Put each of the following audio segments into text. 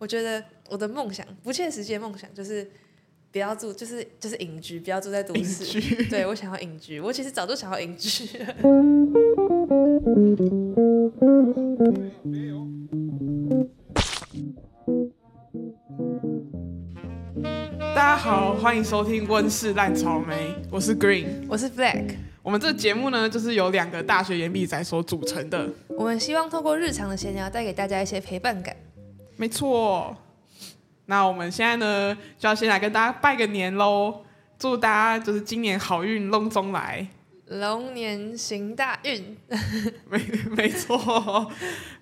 我覺得我的夢想不切實際，夢想就是不要住，就是就是隱居，不要住在都市。居對，我想要隱居，我其實早就想要隱居了。 大家好，歡迎收聽《溫室爛草莓》，我是 Green，我是 Black。我們這個節目呢，就是由兩個大學延畢仔所組成的。我們希望透過日常的閒聊，帶給大家一些陪伴感。沒錯，那我們現在呢，就要先來跟大家拜個年嘍！祝大家就是今年好運龍總來，龍年行大運。 沒沒錯，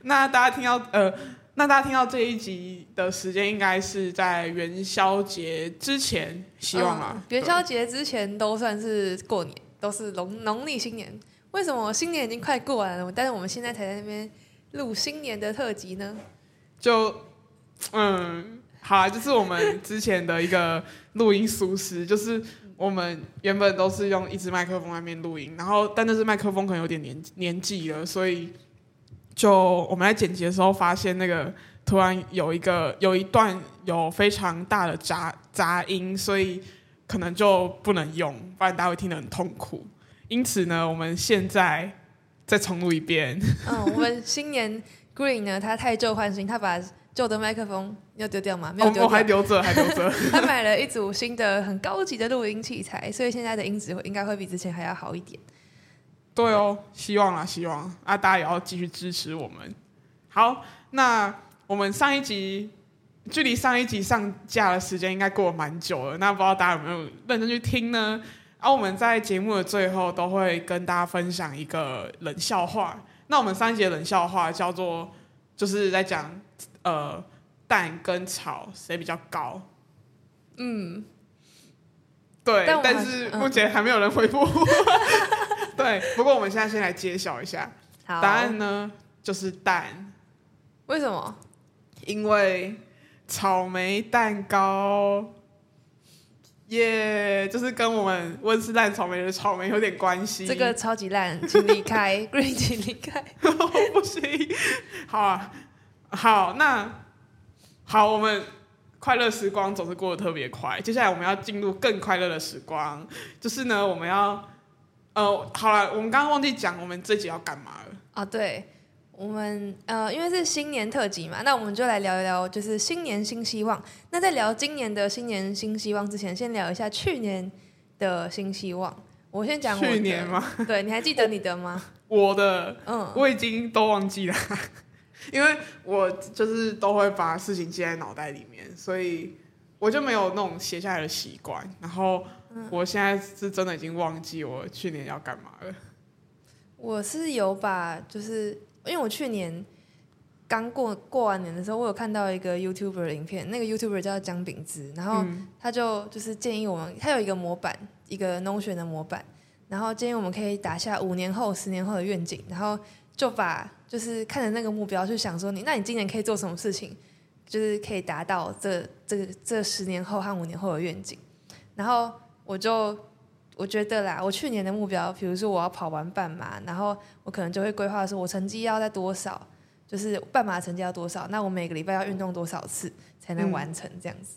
那大家聽到呃，那大家聽到這一集的時間應該是在元宵節之前，希望啊、嗯，元宵節之前都算是過年，都是農，農曆新年。為什麼新年已經快過完了，但是我們現在才在那邊錄新年的特輯呢？就，嗯，好，就是我們之前的一個錄音疏失，就是我們原本都是用一支麥克風外面錄音，然後但那支麥克風可能有點年年紀了，所以就我們在剪輯的時候發現那個突然有一個有一段有非常大的雜雜音，所以可能就不能用，不然大家會聽得很痛苦。因此呢，我們現在再重錄一遍。嗯，oh, 我們新年。 Green 呢，他汰舊換新，他把舊的麥克風要丟掉嘛，沒有丟掉 oh, oh, 還留著，還留着，還留着。他買了一組新的、很高級的錄音器材，所以現在的音質應該會比之前還要好一點。對哦，希望啊，希望啊，大家也要繼續支持我們。好，那我們上一集，距離上一集上架的時間應該過了蠻久了，那不知道大家有沒有認真去聽呢？啊，我們在節目的最後都會跟大家分享一個冷笑話。那我們三節冷笑話叫做，就是在講，呃，蛋跟草誰比較高？嗯，對，但，但是目前還沒有人回復。嗯、 對，不過我們現在先來揭曉一下好答案呢，就是蛋。為什麼？因為草莓蛋糕。耶，yeah, 就是跟我們溫室爛草莓的草莓有點關係。這個超級爛， 請離開，Green，請離開，不行。 好啊，好，那好，我們快樂時光總是過得特別快。接下來我們要進入更快樂的時光，就是呢，我們要呃，好了，我們剛剛忘記講我們這集要幹嘛了啊？對。我們呃，因為是新年特輯嘛，那我們就來聊一聊，就是新年新希望。那在聊今年的新年新希望之前，先聊一下去年的新希望。我先講我去年嗎？對，你還記得你的嗎？我，我的，嗯，我已經都忘記了，因為我就是都會把事情記在腦袋裡面，所以我就沒有那種寫下來的習慣。然後我現在是真的已經忘記我去年要幹嘛了。我是有把，就是。因為我去年剛過過完年的時候，我有看到一個 YouTuber 的影片，那個 YouTuber 叫薑餅子，然後他就就是建議我們，他有一個模板，一個 Notion 的模板，然後建議我們可以打下五年後、十年後的願景，然後就把就是看着那個目標去想說你，你那你今年可以做什麼事情，就是可以達到這這這十年後和五年後的願景，然後我就。我覺得啦，我去年的目標，比如說我要跑完半馬，然後我可能就會規劃說，我成績要在多少，就是半馬成績要多少，那我每個禮拜要運動多少次才能完成這樣子。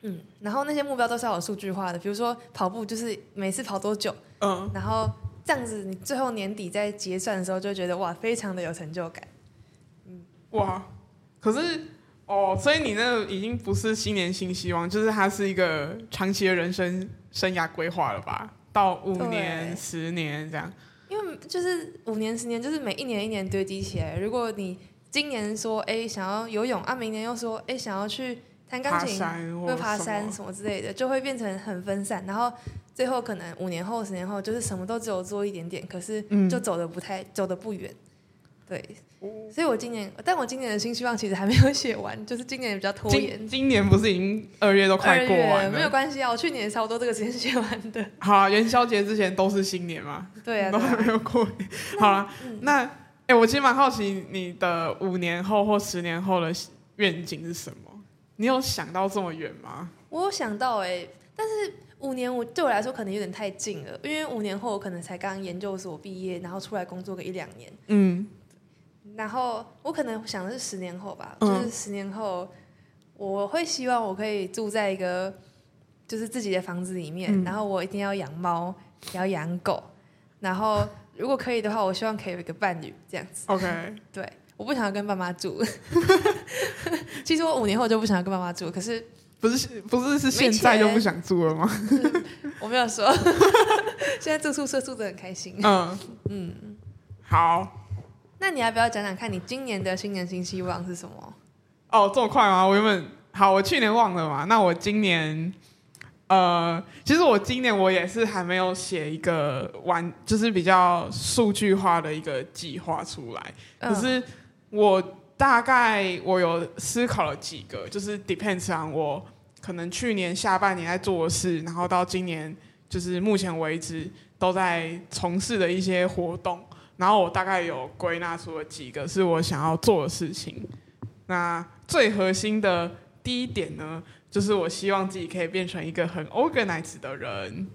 嗯，嗯，然後那些目標都是要有數據化的，比如說跑步就是每次跑多久，嗯、uh，huh. 然後這樣子你最後年底在結算的時候就會覺得哇，非常的有成就感。嗯，哇，可是。哦，oh, 所以你那已經不是新年新希望，就是它是一個長期的人生生涯規劃了吧？到五年、十對年這樣。因為就是五年、十年，就是每一年一年堆積起來。如果你今年說哎想要游泳，啊，明年又說哎想要去彈鋼琴、會爬，爬山什麼之類的，就會變成很分散。然後最後可能五年後、十年後，就是什麼都只有做一點點，可是就走的不太、嗯、走的不遠。所以我今年，但我今年的新希望其實還沒有寫完，就是今年也比較拖延。今，今年不是已經二月都快過了？沒有關係啊、哦。我去年差不多這個時間寫完的。好、啊，元宵節之前都是新年嘛，對啊，都還沒有過。好啦，那哎、欸，我其實蠻好奇你的五年後或十年後的願景是什麼？你有想到這麼遠嗎？我有想到哎、欸，但是五年我對我來說可能有點太近了，因為五年後我可能才剛研究所畢業，然後出來工作個一兩年，嗯。然後我可能想的是十年後吧，嗯、就是十年後，我會希望我可以住在一個就是自己的房子裡面，嗯、然後我一定要養貓，也要養狗，然後如果可以的話，我希望可以有一個伴侶這樣子。OK，對，我不想要跟爸媽住。 其實我五年後就不想要跟爸媽住，可是不是不是是現在就不想住了嗎？沒就是、我沒有說， 現在住宿舍住得很開心。嗯嗯，嗯好。那你要不要講講看你今年的新年新希望是什麼？哦，oh, 這麼快嗎？我原本好，我去年忘了嘛。那我今年，呃，其、就、實、是、我今年我也是還沒有寫一個完，就是比較數據化的一個計劃出來。可是我大概我有思考了幾個，就是 depends on 我可能去年下半年在做的事，然後到今年就是目前為止都在從事的一些活動。然後我大概有歸納出了幾個是我想要做的事情。那最核心的第一點呢，就是我希望自己可以變成一個很 organized 的人。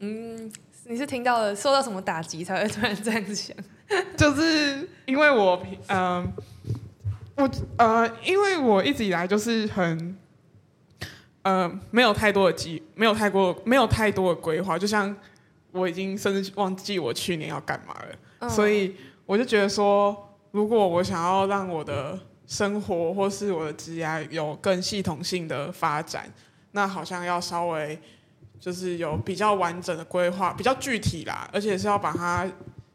嗯，你是聽到了受到什麼打擊才會突然這樣子想？就是因為我嗯、呃、我呃，因為我一直以來就是很呃，沒有太多的計，沒有太過，沒有太多的規劃，就像我已經甚至忘記我去年要幹嘛了。所以我就覺得說，如果我想要讓我的生活或是我的職業有更系統性的發展，那好像要稍微就是有比較完整的規劃，比較具體啦，而且是要把它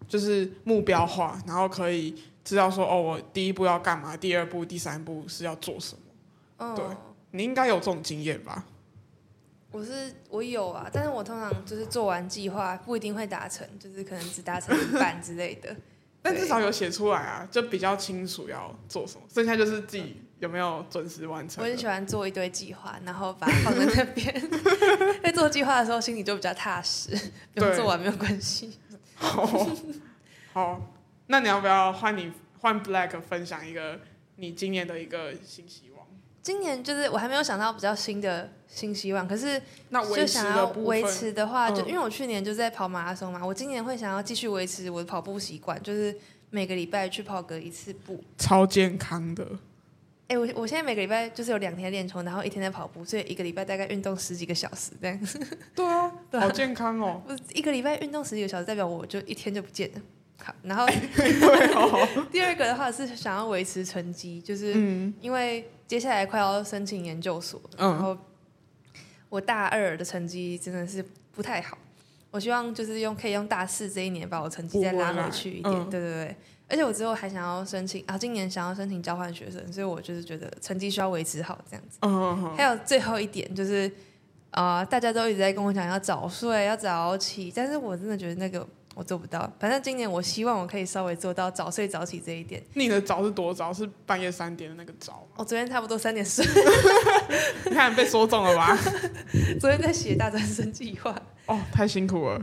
就是目標化，然後可以知道說哦，我第一步要幹嘛，第二步、第三步是要做什麼。對，你應該有這種經驗吧？我是我有啊，但是我通常就是做完計劃不一定會達成，就是可能只達成一半之類的。 但至少有寫出來啊，對就比較清楚要做什麼，剩下就是自己有沒有準時完成。我很喜歡做一堆計劃，然後把它放在那邊，在 做計劃的時候心裡就比較踏實，沒 做完沒有關係。好，oh. oh. 那你要不要換你換 Black 分享一個你今年的一個新希望？今年就是我還沒有想到比較新的新希望，可是就想要維持的話，就因為我去年就是在跑馬拉松嘛，我今年會想要繼續維持我的跑步習慣，就是每個禮拜去跑個一次步，超健康的。哎、欸，我我現在每個禮拜就是有兩天練重，然後一天在跑步，所以一個禮拜大概運動十幾個小時這樣子。對啊， 對啊好健康哦！一個禮拜運動十幾個小時，代表我就一天就不健康不見了。然後 對、哦、 第二個的話是想要維持成績，就是因為。接下來快要申請研究所，嗯、然後我大二的成績真的是不太好。我希望就是用可以用大四這一年把我成績再拉回去一點，嗯、對對對。而且我之後還想要申請啊，今年想要申請交換學生，所以我就是覺得成績需要維持好這樣子。嗯、好好還有最後一點就是啊、呃，大家都一直在跟我講要早睡要早起，但是我真的覺得那個。我做不到，反正今年我希望我可以稍微做到早睡早起這一點。你的早是多早？是半夜三點的那個早？我昨天差不多三點睡。 你看，被說中了吧？昨天在寫大專生計劃。哦，太辛苦了。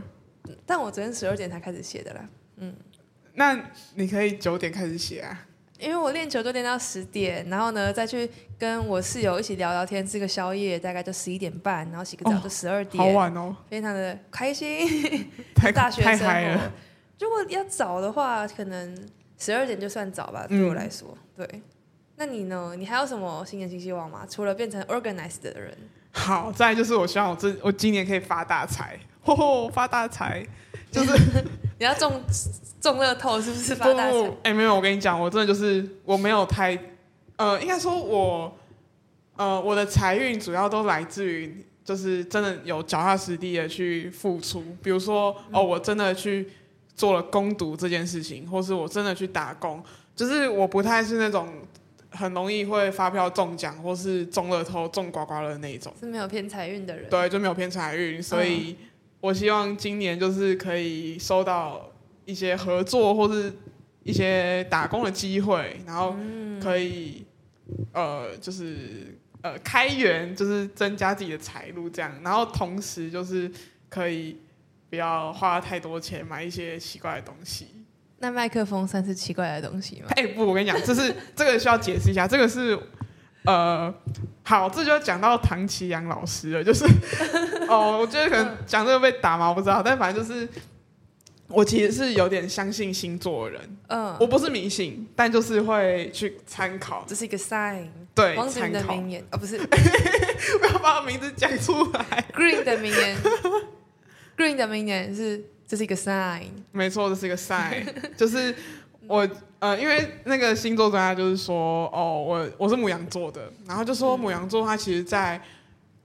但我昨天十二點才開始寫的啦。嗯，那你可以九點開始寫啊。因為我練球就練到十點，然後呢再去跟我室友一起聊聊天，吃個宵夜，大概就十一點半，然後洗個澡就十二點。好晚哦！玩哦非常的開心，太 大學生活，太嗨了。如果要早的話，可能十二點就算早吧，對我來說。嗯、對，那你呢？你還有什麼新年新希望嗎？除了變成 organized 的人，好，再來就是我希望我這我今年可以發大財，嚯、哦，發大財就是。 你要中中樂透是不是？不不，哎、欸、沒有，我跟你講，我真的就是我沒有太，呃，應該說我，呃，我的財運主要都來自於就是真的有腳踏實地的去付出，比如說哦，我真的去做了工讀這件事情，或是我真的去打工，就是我不太是那種很容易會發票中獎或是中樂透中刮刮樂的那一種，是沒有偏財運的人，對，就沒有偏財運，所以。嗯我希望今年就是可以收到一些合作或者一些打工的機會，然後可以、嗯、呃，就是呃，開源，就是增加自己的財路，這樣，然後同時就是可以不要花太多錢買一些奇怪的東西。那麥克風算是奇怪的東西嗎？哎，不，我跟你講，這是這個需要解釋一下，這個是。呃，好，這就講到唐綺陽老師了，就是哦，我覺得可能講這個被打嘛，我不知道，但反正就是我其實是有點相信星座的人，嗯、呃，我不是迷信，但就是會去參考。這是一個 sign，對，光彩的名言，考哦，不是，我要把我名字講出來。Green 的名言，Green 的名言是，這是一個 sign，沒錯，這是一個 sign， 就是我。呃，因為那個星座專家就是說，哦，我我是牡羊座的，然後就說牡羊座它其實在，在、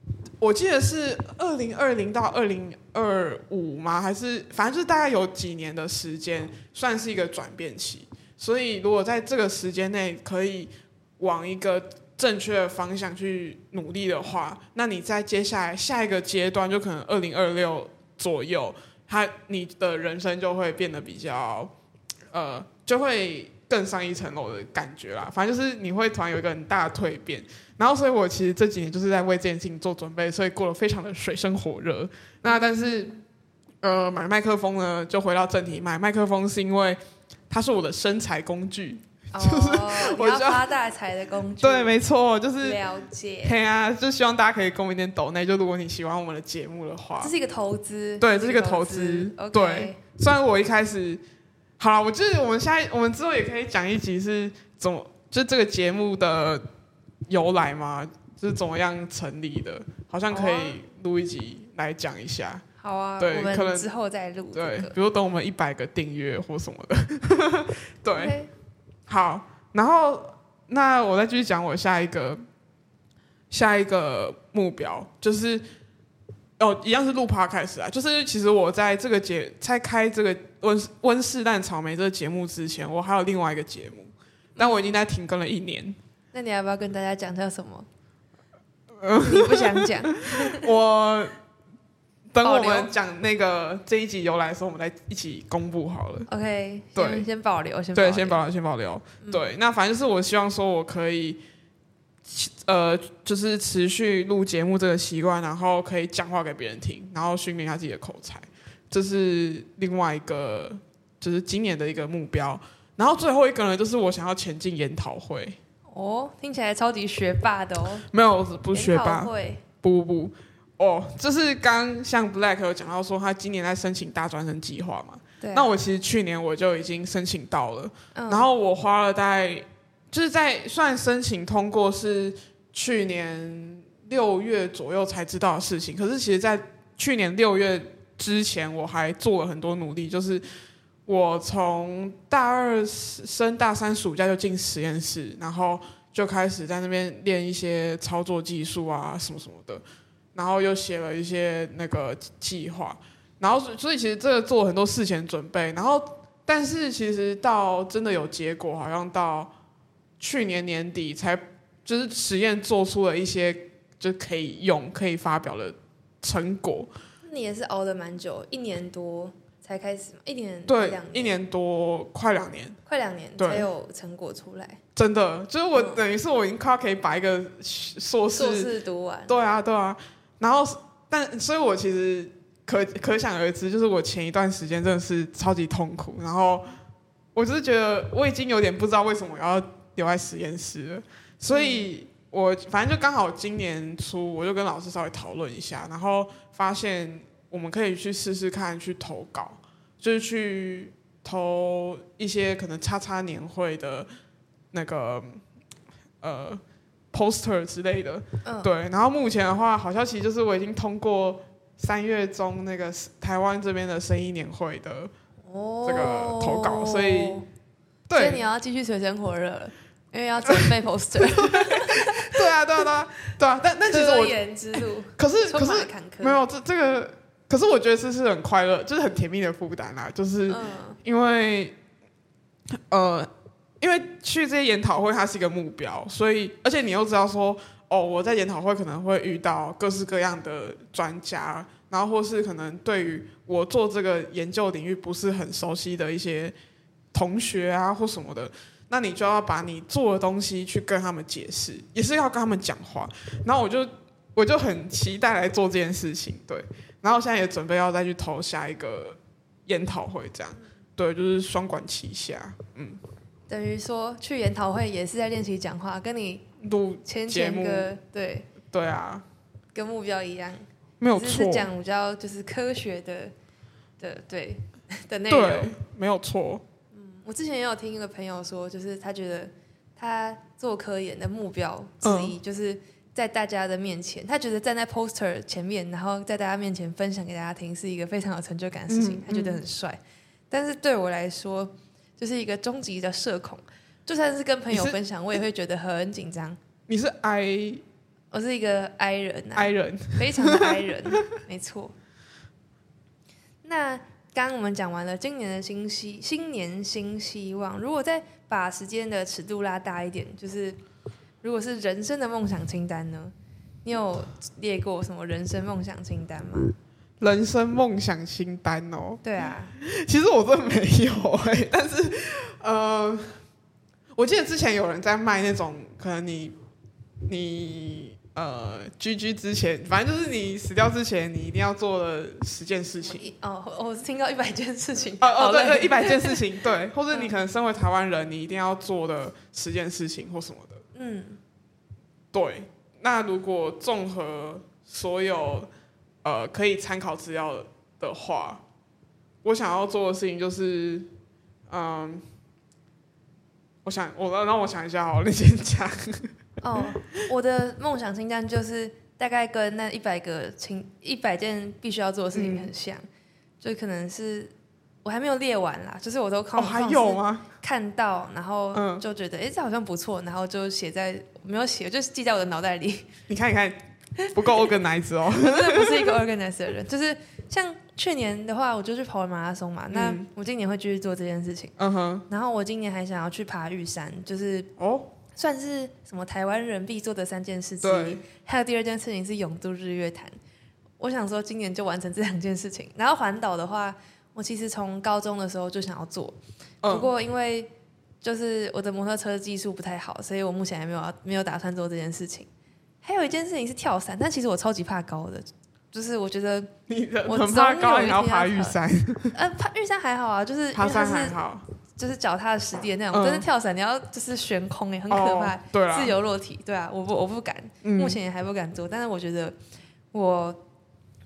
嗯、我記得是二零二零到二零二五嘛，還是反正就是大概有幾年的時間，算是一個轉變期。所以如果在這個時間內可以往一個正確的方向去努力的話，那你在接下來下一個階段，就可能二零二六左右，他你的人生就會變得比較呃。就會更上一層樓的感覺啦，反正就是你會突然有一個很大的蛻變，然後所以我其實這幾年就是在為這件事情做準備，所以過得非常的水深火熱。那但是，呃，買麥克風呢，就回到正題，買麥克風是因為它是我的生財工具，就是、oh, 我就要發大財的工具。對，沒錯，就是了解。對啊，就希望大家可以跟我一點抖內，就如果你喜歡我們的節目的話，這是一個投資。對，這是一個投資。投資對，Okay 雖然我一開始。好啦，我就是我們下一，我們之後也可以講一集是怎麼，就這個節目的由來嘛，就是怎麼樣成立的，好像可以錄一集來講一下。好啊，對，可能之後再錄、這個，對，比如說等我們一百個訂閱或什麼的。 對，Okay. 好，然後那我再繼續講我下一個下一個目標，就是哦，一樣是錄 Podcast 啦，就是其實我在這個節，在開這個。溫溫室爛草莓這個節目之前，我還有另外一個節目，但我已經在停更了一年。嗯、那你要不要跟大家講叫什麼？呃、你不想講？我等我們講那個這一集由來的時候，我們再一起公布好了。OK，先對，對，先保留，先對、嗯，先保留，先保留。對，那反正是我希望說，我可以呃，就是持續錄節目這個習慣，然後可以講話給別人聽，然後訓練一下自己的口才。這是另外一個，就是今年的一個目標。然後最後一個呢，就是我想要前進研討會。哦，聽起來超級學霸的哦。沒有，我不學霸。不不不哦，這是剛剛像 Black 有講到說，他今年在申請大專生計劃嘛？對啊。那我其實去年我就已經申請到了，嗯，然後我花了大概就是在算申請通過是去年六月左右才知道的事情。可是其實在去年六月。之前我還做了很多努力，就是我從大二升大三暑假就進實驗室，然後就開始在那邊練一些操作技術啊，什麼什麼的，然後又寫了一些那個計劃，然後所以其實這個做了很多事前準備，然後但是其實到真的有結果，好像到去年年底才就是實驗做出了一些就可以用、可以發表的成果。也是熬得蠻久，一年多才開始嘛，一年對兩年一年多快兩年，快兩年才有成果出來。真的，就是我等於是我已經快可以把一個碩士碩士讀完。對啊，對啊。然後，但所以，我其實可可想而知，就是我前一段時間真的是超級痛苦。然後，我就是覺得我已經有點不知道為什麼我要留在實驗室了，所以。嗯我反正就剛好今年初，我就跟老師稍微討論一下，然後發現我們可以去試試看，去投稿，就是去投一些可能叉叉年會的那個呃 poster 之類的。Uh. 對，然後目前的話，好消息就是我已經通過三月中那個台灣這邊的生意年會的這個投稿，oh. 所以，對。所以你要繼續水深火熱了，因為要準備 poster。 對啊，對啊，對啊，對啊！但但 其實我，可，欸、可是可是沒有這這個，可是我覺得這是很快樂，就是很甜蜜的負擔啦、啊，就是因為、嗯、呃，因為去這些研討會它是一個目標，所以而且你又知道說，哦，我在研討會可能會遇到各式各樣的專家，然後或是可能對於我做這個研究領域不是很熟悉的一些同學啊，或什麼的。那你就要把你做的東西去跟他們解釋，也是要跟他們講話。然後我就我就很期待來做這件事情，對。然後現在也準備要再去投下一個研討會，這樣對，就是雙管齊下，嗯。等於說去研討會也是在練習講話，跟你錄前節目，目對對啊，跟目標一樣，沒有錯。是講比較就是科學的的對的內容，對，沒有錯。我之前也有聽一個朋友說，就是他覺得他做科研的目標之一，就是在大家的面前，他覺得站在 poster 前面，然後在大家面前分享給大家聽，是一個非常有成就感的事情，他覺得很帥。但是對我來說，就是一個終極的社恐，就算是跟朋友分享，我也會覺得很緊張。你是 I，我是一個 I 人啊，I 人，非常的 I 人，沒錯。那。剛剛我們講完了今年的新希新年新希望，如果再把時間的尺度拉大一點，就是如果是人生的夢想清單呢？你有列過什麼人生夢想清單嗎？人生夢想清單哦？對啊，其實我真的沒有，哎，但是呃，我記得之前有人在賣那種，可能你你。呃，G G 之前，反正就是你死掉之前，你一定要做的十件事情。哦，我是聽到一百件事情。哦哦，對了對，一百件事情，對，或者你可能身為台灣人，你一定要做的十件事情或什麼的。嗯，對。那如果綜合所有呃可以參考資料的話，我想要做的事情就是，嗯、呃，我想我讓我想一下哦，你先講。哦，oh, 我的夢想清單就是大概跟那一百個清，一百件必須要做的事情很像，嗯、就可能是我還沒有列完啦，就是我都看我、哦、還有嗎？看到然後就覺得哎、嗯，欸，這好像不錯，然後就寫在沒有寫，就是記在我的腦袋裡。你看一看，不夠 organize 哦， 真的不是一個 organize 的人。就是像去年的話，我就去跑完馬拉松嘛，嗯、那我今年會繼續做這件事情。嗯哼，然後我今年還想要去爬玉山，就是哦。算是什麼台灣人必做的三件事情，對還有第二件事情是泳渡日月潭。我想說今年就完成這兩件事情，然後環島的話，我其實從高中的時候就想要做，嗯、不過因為就是我的摩托車技術不太好，所以我目前還沒有沒有打算做這件事情。還有一件事情是跳傘，但其實我超級怕高的，就是我覺得我你我怕高也要爬玉山，呃，爬玉山還好啊，就是山爬山還好。就是腳踏實地的那種。但、嗯、是跳傘你要就是懸空哎，很可怕，哦、對自由落體，對啊，我不我不敢，嗯、目前也還不敢做。但是我覺得我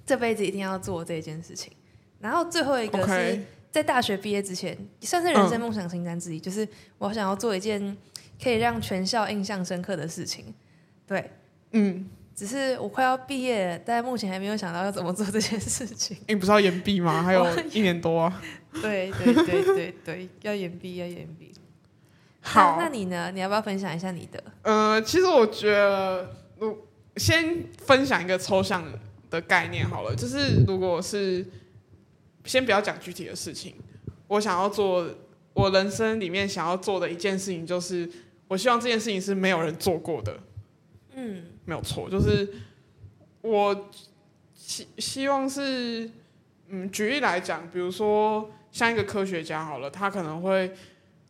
這輩子一定要做這件事情。然後最後一個是 okay, 在大學畢業之前，算是人生夢想清單之一，嗯、就是我想要做一件可以讓全校印象深刻的事情。對，嗯，只是我快要畢業了，但目前還沒有想到要怎麼做這件事情。你不是要延畢嗎？還有一年多啊。我 對對對對對，要演 B 要演 B。好、啊，那你呢？你要不要分享一下你的？呃，其實我覺得，如，先分享一個抽象的概念好了，就是如果是先不要講具體的事情，我想要做我人生裡面想要做的一件事情，就是我希望這件事情是沒有人做過的。嗯，沒有錯，就是我希希望是，嗯，舉例來講，比如說。像一個科學家好了，他可能會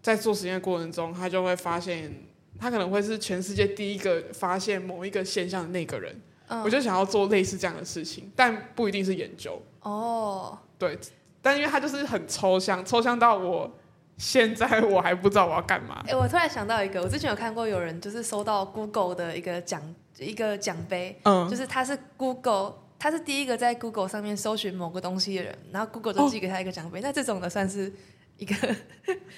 在做實驗的過程中，他就會發現，他可能會是全世界第一個發現某一個現象的那個人。嗯，我就想要做類似這樣的事情，但不一定是研究。哦，對，但因為他就是很抽象，抽象到我現在我還不知道我要幹嘛。哎，欸，我突然想到一個，我之前有看過有人就是收到 Google 的一個獎一個獎杯，嗯，就是他是 Google。他是第一個在 Google 上面搜尋某個東西的人，然後 Google 就寄給他一個獎杯。那、哦、這種的算是一個，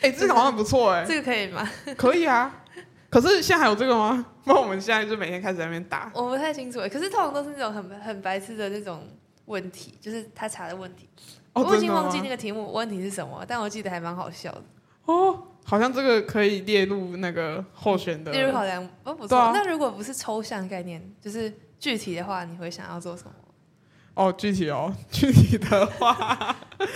哎，這個好像不錯哎、欸，這個可以嗎？可以啊。 可是現在還有這個嗎？那我們現在就每天開始在那邊打。我不太清楚哎、欸，可是通常都是那種很很白痴的那種問題，就是他查的問題。哦、我已經忘記那個題目問題是什麼，但我記得還蠻好笑的。哦，好像這個可以列入那個候選的。列入考量哦不錯。啊、那如果不是抽象概念，就是具體的話，你會想要做什麼？哦，具體哦，具體的話，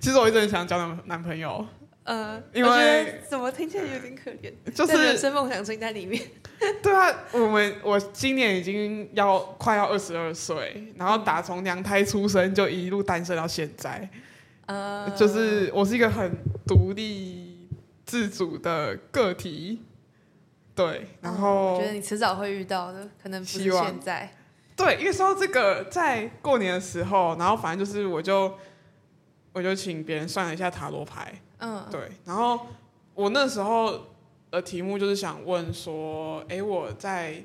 其實我一直很想交男男朋友。嗯、呃，因為怎麼聽起來有點可憐，就是人生夢想追在裡面。 對啊，我們我今年已經要快要二十二歲，然後打從娘胎出生就一路單身到現在。呃，就是我是一個很獨立自主的個體。對，然後、嗯、我覺得你遲早會遇到的，可能不是現在。對，因為說到這個，在過年的時候，然後反正就是，我就我就請別人算了一下塔羅牌，嗯，對，然後我那時候的題目就是想問說，哎，我在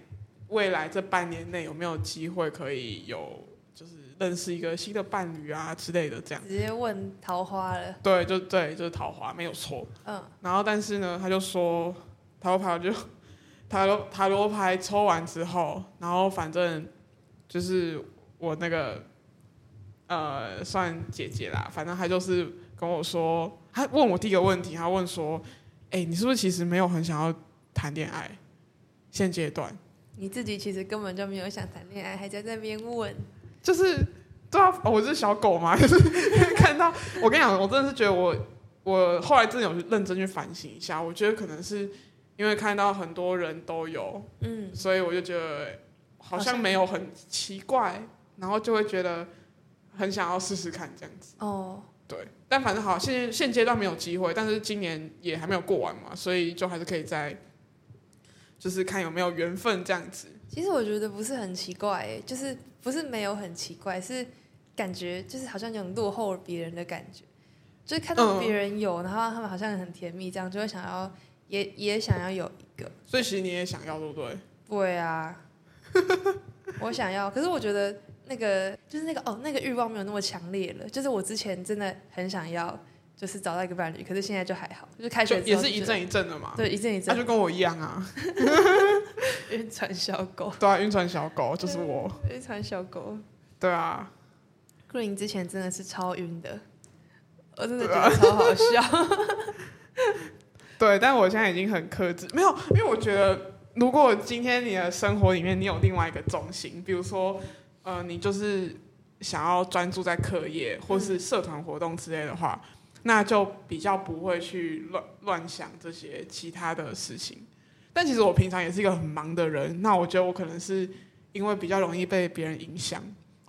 未來這半年內有沒有機會可以有，就是認識一個新的伴侶啊之類的，這樣直接問桃花了，對，就對，就是桃花，沒有錯，嗯，然後但是呢，他就說塔羅牌就，就塔羅塔羅牌抽完之後，然後反正。就是我那個呃，算姐姐啦，反正她就是跟我說，她問我第一個問題，她問說：“哎，你是不是其實沒有很想要談戀愛？現階段？”你自己其實根本就沒有想談戀愛，還在這邊問，就是對啊、哦，我是小狗嘛。就 是看到我跟你講，我真的是覺得我，我後來真的有認真去反省一下，我覺得可能是因為看到很多人都有，嗯，所以我就覺得。好像沒有很奇怪、欸，然後就會覺得很想要試試看這樣子。哦，oh. 對，但反正好，現現階段沒有機會，但是今年也還沒有過完嘛，所以就還是可以再，就是看有沒有緣分這樣子。其實我覺得不是很奇怪、欸，就是不是沒有很奇怪，是感覺就是好像有落後別人的感覺，就是看到別人有，嗯、然後他們好像很甜蜜，這樣就會想要，也也想要有一個。所以其實你也想要，對不對？對啊。 我想要，可是我覺得那個就是那個哦，那個慾望沒有那麼強烈了。就是我之前真的很想要，就是找到一個伴侶，可是現在就還好，就開學之後也是一陣一陣的嘛，對，一陣一陣，他、啊、就跟我一樣啊，暈 船小狗，對啊，暈船小狗就是我，暈船小狗，對啊 Green 之前真的是超暈的，我真的覺得超好笑， 對，但我現在已經很克制，沒有，因為我覺得。如果今天你的生活裡面，你有另外一個重心，比如說，呃，你就是想要專注在課業或是社團活動之類的話，嗯、那就比較不會去亂亂想這些其他的事情。但其實我平常也是一個很忙的人，那我覺得我可能是因為比較容易被別人影響，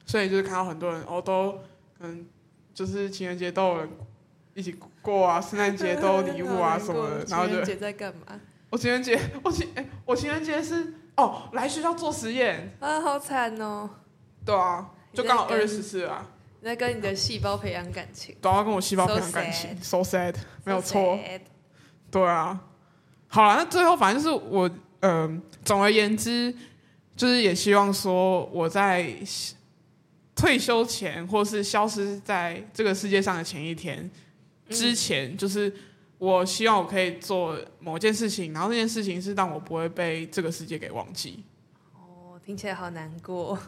所以就是看到很多人哦都嗯，就是情人節都有一起過啊，聖誕節都有禮物啊什麼的，嗯嗯嗯、然後就情人節在幹嘛？我情人節，我情哎、欸，我情人節是哦，來學校做實驗，啊，好慘哦，對啊，就剛好二月十四啊，那跟你的細胞培養感情，對啊，So sad. 跟我細胞培養感情，so sad，, so sad. 沒有錯，So sad. 對啊，好了，那最後反正就是我，嗯、呃，總而言之，就是也希望說我在退休前，或是消失在這個世界上的前一天、嗯、之前，就是。我希望我可以做某件事情，然後那件事情是讓我不會被這個世界給忘記。哦，聽起來好難過，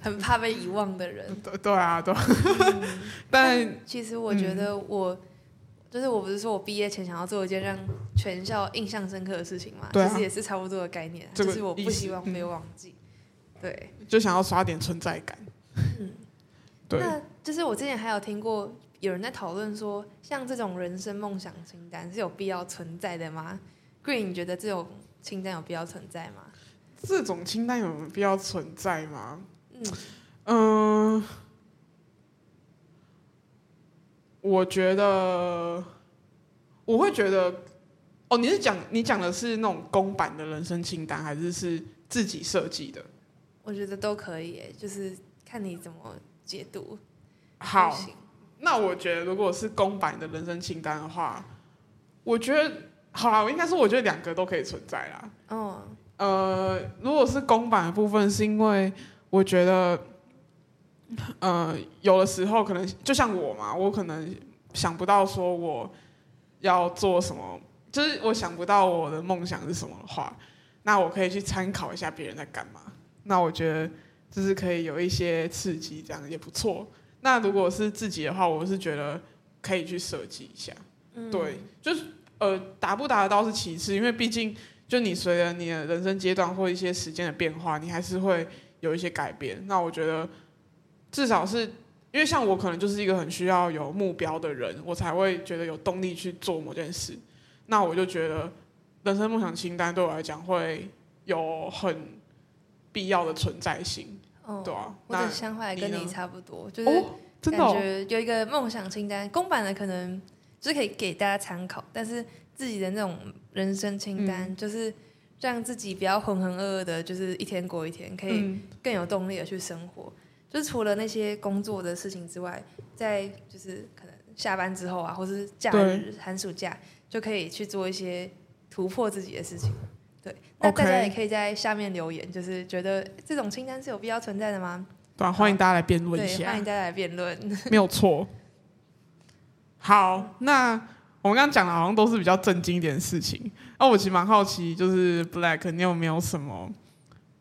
很怕被遺忘的人。 對對啊，對啊。嗯、但其實我覺得我、嗯、就是我不是說我畢業前想要做一件讓全校印象深刻的事情嘛，對啊，其實也是差不多的概念，就是我不希望被忘記。嗯、對，就想要刷點存在感。嗯，對。那就是我之前還有聽過。有人在討論說，像這種人生夢想清單是有必要存在的嗎？Green，你覺得這種清單有必要存在嗎？這種清單有沒有必要存在嗎？嗯、呃，我覺得，我會覺得，哦，你是講你講的是那種公版的人生清單，還是是自己設計的？我覺得都可以，就是看你怎麼解讀。好。那我覺得，如果是公版的人生清單的話，我覺得，好啦，我應該說，我覺得兩個都可以存在啦。嗯，oh. 呃，如果是公版的部分，是因為我覺得，呃，有的時候可能就像我嘛，我可能想不到說我要做什麼，就是我想不到我的夢想是什麼的話，那我可以去參考一下別人在幹嘛。那我覺得就是可以有一些刺激，這樣也不錯。那如果是自己的話，我是覺得可以去設計一下，嗯、對，就是呃，達不達得到是其次，因為畢竟就你隨着你的人生階段或一些時間的變化，你還是會有一些改變。那我覺得至少是，因為像我可能就是一個很需要有目標的人，我才會覺得有動力去做某件事。那我就覺得人生夢想清單對我來講會有很必要的存在性。Oh, 對啊，我的想法也跟你差不多，就是感覺有一個夢想清單。Oh, 哦、公版的可能就是可以給大家參考，但是自己的那種人生清單，就是讓自己不要渾渾噩噩的，就是一天過一天，可以更有動力的去生活。 就是除了那些工作的事情之外，在就是可能下班之後啊，或是假日、對寒暑假，就可以去做一些突破自己的事情。那大家也可以在下面留言，Okay 就是覺得這種清單是有必要存在的嗎？對、啊，好歡迎大家來辯論一下。歡迎大家來辯論， 沒有錯。好，那我們剛剛講的好像都是比較正經一點的事情。那、啊、我其實蠻好奇，就是 Black，你有沒有什麼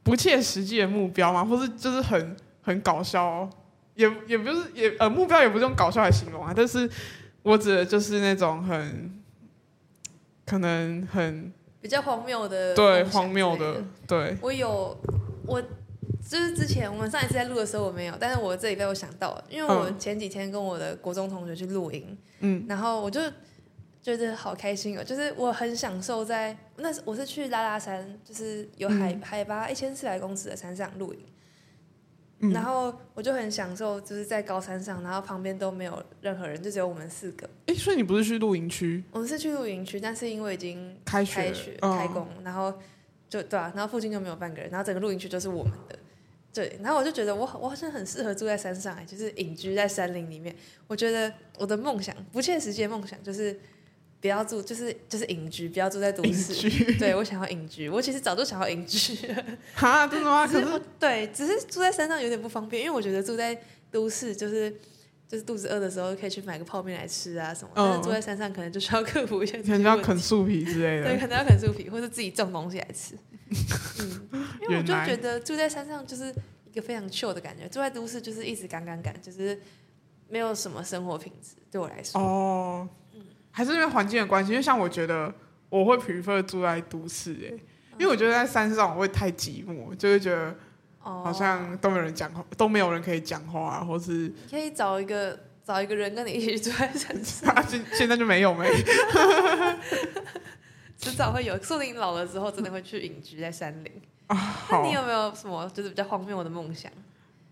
不切實際的目標嗎？或是就是很很搞笑，也也不是也呃目標，也不是用搞笑來形容啊。但是我指的就是那種很可能很。比較荒謬的，的，對，荒謬的，對。我有，我就是之前我們上一次在錄的時候我沒有，但是我這裡邊我想到了，因為我前幾天跟我的國中同學去露營，嗯，然後我就覺得、就是、好開心哦，就是我很享受在那是，我是去拉拉山，就是有海、嗯、海拔一千四百公尺的山上露營。嗯、然後我就很享受，就是在高山上，然後旁邊都沒有任何人，就只有我們四個。哎，所以你不是去露營區？我們是去露營區，但是因為已經開學、開工，哦、然後就對啊。然後附近就沒有半個人，然後整個露營區就是我們的。對，然後我就覺得我我好像很適合住在山上，誒，就是隱居在山林裡面。我覺得我的夢想，不切實際的夢想就是。不要住，就是就是隱居，不要住在都市。隱居。對，我想要隱居，我其實早就想要隱居了。哈，真的嗎？是可是對，只是住在山上有點不方便，因為我覺得住在都市，就是就是肚子餓的時候可以去買個泡麵來吃啊什麼。嗯、但是住在山上可能就需要克服一下些，可能、嗯、要啃樹皮之類的，對，可能要啃樹皮，或是自己種東西來吃。 嗯，因為我就覺得住在山上就是一個非常 chill 的感覺，住在都市就是一直趕趕趕，就是沒有什麼生活品質對我來說。哦。還是因為環境的關係，因為像我覺得我會 prefer 住在都市誒、欸，對因為我覺得在山上我會太寂寞，就會、是、覺得好像都沒有人講話，oh. 都沒有人可以講話，或是可以找一個找一個人跟你一起住在城市，現在就沒有沒，遲早 會有，說不定老了之後真的會去隱居在山林。Oh. 那你有沒有什麼就是比較荒謬我的夢想？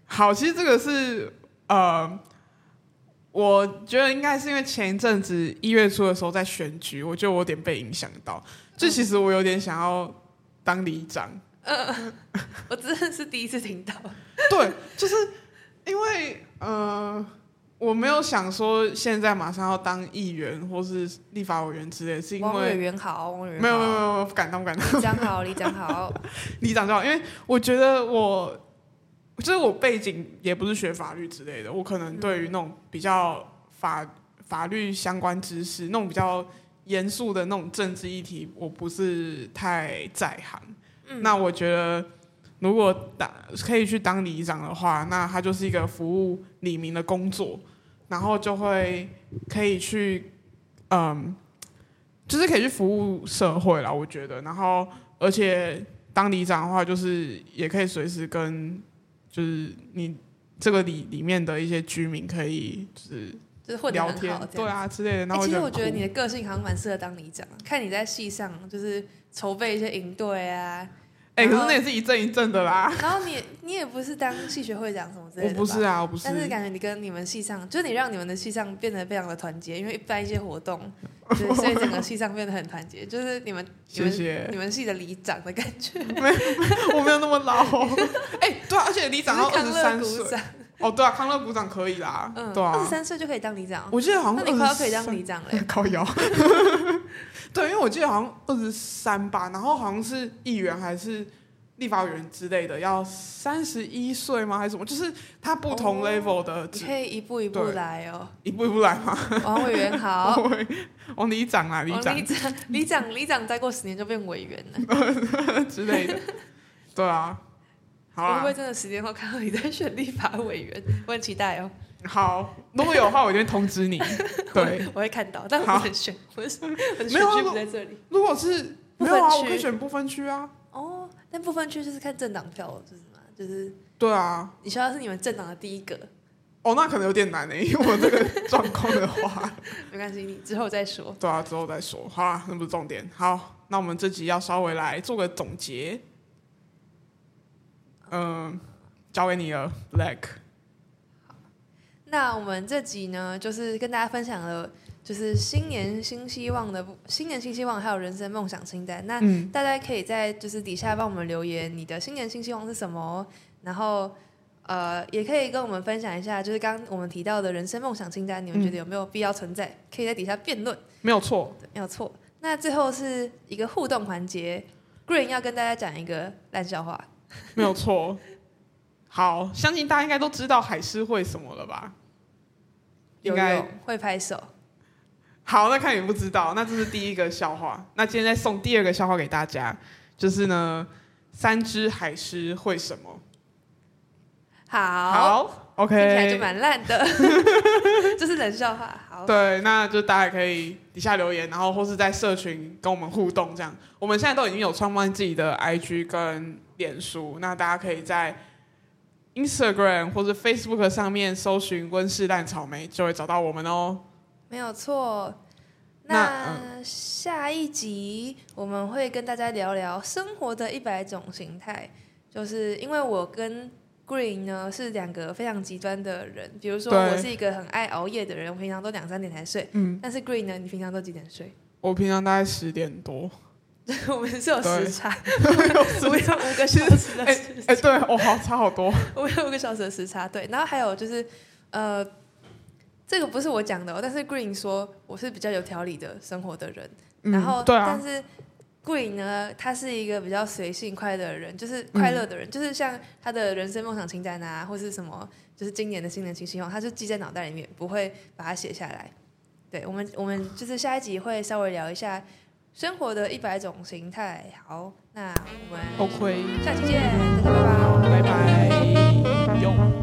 好，其實這個是呃。我覺得應該是因為前一陣子一月初的時候在選舉，我覺得我有點被影響到。這其實我有點想要當里長。嗯、呃，我真的是第一次聽到。 對，就是因為呃，我沒有想說現在馬上要當議員或是立法委員之類，是因為王委員好，王委員好。沒有沒有沒有，不敢當不敢當。感動感動。里長好，里長好，里 長就好，因為我覺得我。就是我背景也不是學法律之類的，我可能對於那種比較法法律相關知識、那種比較嚴肅的那種政治議題，我不是太在行。嗯、那我覺得，如果當可以去當里長的話，那他就是一個服務里民的工作，然後就會可以去，嗯，就是可以去服務社會啦。我覺得，然後而且當里長的話，就是也可以隨時跟。就是你這個里裡面的一些居民可以，就是聊天，就是混得很好，對啊之類的。然後、欸、其實我覺得你的個性好像蠻適合當里長，看你在戲上就是籌備一些營隊啊。哎，欸、然後可是那也是一陣一陣的啦。然後你，你也不是當系學會長什麼之類的吧。我不是啊，我不是。但是感覺你跟你們系上，就是、你讓你們的系上變得非常的團結，因為一般一些活動，所以整個系上變得很團結。 就是你們，謝謝你們，你們系的里長的感覺。沒有，我沒有那麼老。哎 欸，對啊，而且里長要二十三歲。哦，對啊，康樂股長可以啦，嗯、對啊，二十三歲就可以當里長，我記得好像二十三可以當里長嘞，靠腰、嗯， 對，因為我記得好像二十三吧，然後好像是議員還是立法委員之類的，要三十一歲嗎？還是什麼？就是他不同 level 的，哦、只可以一步一步來哦對，一步一步來嘛。王委員好，王委員，王里長啊，里長，里長，里長，再過十年就變委員了 之類的，對啊。會不會真的十年後看到你在選立法委員？我很期待哦。好，如果有的話，我一定會通知你。 對我，我會看到，但我不會選。好為什麼？沒有啊，不在這裡。如果是沒有啊，我可以選不分區、啊、不分區啊。哦，但不分區就是看政黨票，就是什嘛，就是。對啊，你需要是你們政黨的第一個。哦，那可能有點難呢、欸，因為我這個狀況的話， 沒關係，你之後再說。對啊，之後再說。對好了，那不是重點。好，那我們這集要稍微來做個總結。嗯、呃，交給你了，Black。好，那我們這集呢，就是跟大家分享了，就是新年新希望的，新年新希望還有人生夢想清單。那大家可以在就是底下幫我們留言，你的新年新希望是什麼？然後呃，也可以跟我們分享一下，就是剛剛我們提到的人生夢想清單，你們覺得有沒有必要存在？可以在底下辯論、嗯。沒有錯，對，沒有錯。那最後是一個互動環節，Green 要跟大家講一個爛笑話。 沒有錯，好，相信大家應該都知道海獅會什麼了吧？有有應該該會拍手。好，那看你不知道，那這是第一個笑話。 那今天再送第二個笑話給大家，就是呢，三隻海獅會什麼？好，好，OK，聽起來就蠻爛的，這 是冷笑話。好，對，那就大家也可以底下留言，然後或是在社群跟我們互動這樣。我們現在都已經有創辦自己的 IG 跟臉書，那大家可以在 Instagram 或者 Facebook 上面搜尋溫室爛草莓，就會找到我們哦。沒有錯。那，那、嗯、下一集我們會跟大家聊聊生活的一百種形態，就是因為我跟。Green 呢是兩個非常極端的人，比如說我是一個很愛熬夜的人，對我平常都兩三點才睡。嗯，但是 Green 呢，你平常都幾點睡？我平常大概十點多。 我們是有時差，我有對 五個小時的時差。哎、 欸欸、對，我好差好多，我有 五個小時的時差。對，然後還有就是呃，這個不是我講的、哦，但是 Green 說我是比較有條理的生活的人，然後、嗯對啊、但是。Green 呢，他是一個比較隨性快樂的人，就是快樂的人，嗯、就是像他的人生夢想清單啊，或是什麼，就是今年的新年新希望，他就記在腦袋裡面，不會把它寫下來。對我們，我們就是下一集會稍微聊一下生活的一百種形態。好，那我們 OK，下期見，Okay. 大家拜拜，拜拜。